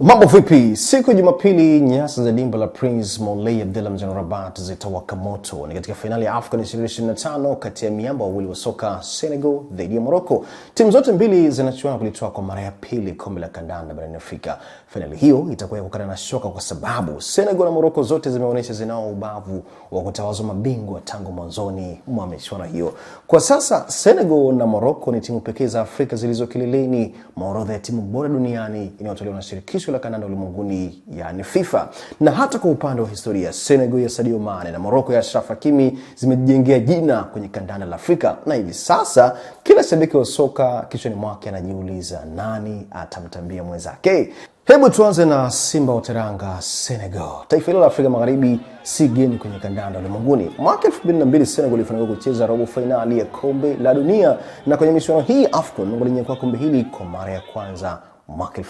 Mambo vipi? Siku ya Jumapili nyasa za dimba la Prince Moulay Abdullah mjini Rabat zitawaka moto. Ni katika fainali ya AFCON 2025 kati ya miamba wawili wa soka Senegal dhidi ya Morocco. Timu zote mbili zinachuana kulitoa kwa mara ya pili kombe la kandanda barani Afrika. Fainali hiyo itakuwa ya kukata na shoka kwa sababu Senegal na Morocco zote zimeonyesha zinao ubavu wa kutawazwa mabingwa tangu mwanzoni mwa michuano hiyo. Kwa sasa Senegal na Morocco ni timu pekee za Afrika zilizo kileleni mwa orodha ya timu bora duniani inayotolewa na shirikisho shirikisho la kandanda ulimwenguni yani FIFA. Na hata kwa upande wa historia, Senegal ya Sadio Mane na moroko ya Ashraf Hakimi zimejengea jina kwenye kandanda la Afrika, na hivi sasa kila shabiki wa soka kichwani mwake anajiuliza nani atamtambia mwenzake. Hebu tuanze na Simba uteranga Senegal. Taifa hilo la Afrika Magharibi si geni kwenye kandanda ulimwenguni. Mwaka 2002 Senegal ilifanikiwa kucheza robo fainali ya kombe la dunia, na kwenye michuano hii AFCON walinyakua kombe hili kwa mara ya kwanza mwaka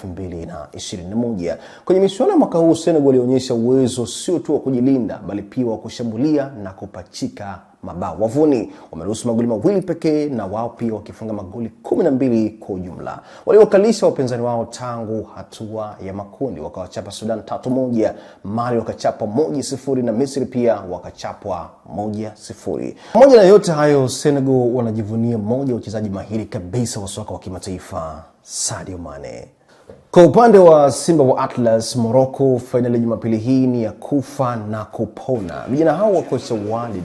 na moja. Kwenye michuano ya mwaka huu, Senegal ilionyesha uwezo sio tu wa kujilinda, bali pia wa kushambulia na kupachika mabao. Wavuni wameruhusu magoli mawili pekee na wao pia wakifunga magoli 12 kwa ujumla. Waliwakalisha wapinzani wao tangu hatua ya makundi, wakawachapa Sudan tatu moja, Mali wakachapa moja sifuri na Misri pia wakachapwa moja sifuri. Pamoja na yote hayo, Senegal wanajivunia mmoja wachezaji mahiri kabisa wa soka wa kimataifa Sadio Mane. Kwa upande wa Simba wa Atlas Morocco, fainali Jumapili hii ni ya kufa na kupona. Vijana hao wa kocha Walid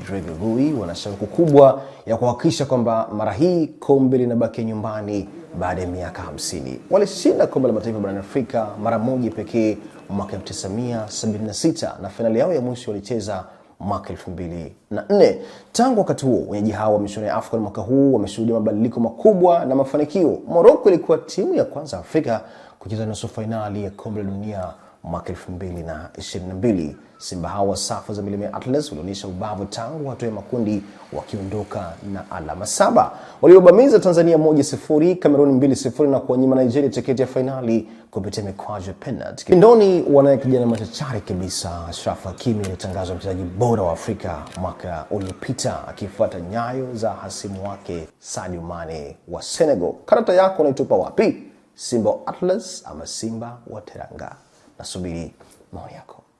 wana shauku kubwa ya kuhakikisha kwamba mara hii kombe linabakia nyumbani baada ya miaka 50. Walishinda kombe la mataifa barani Afrika mara moja pekee mwaka 1976 na fainali yao ya mwisho walicheza mwaka 2004. Tangu wakati huo wenyeji hao wa michuano ya AFCON mwaka huu wameshuhudia mabadiliko makubwa na mafanikio. Morocco ilikuwa timu ya kwanza Afrika kucheza nusu fainali ya kombe la dunia mwaka 2022. Simba hao wa safu za milima ya Atlas walionyesha ubavu tangu hatua ya makundi wakiondoka na alama saba. Waliobamiza Tanzania moja sifuri Kamerun 2 sifuri na kuwanyima Nigeria tiketi ya fainali kupitia mikwaju ya penalti. Kindoni wanaye kijana machachari kabisa Ashraf Hakimi alitangazwa mchezaji bora wa Afrika mwaka uliopita akifuata nyayo za hasimu wake Sadio Mane wa Senegal. Karata yako unaitupa wapi? Simba Atlas ama Simba wa Teranga. Nasubiri maoni yako.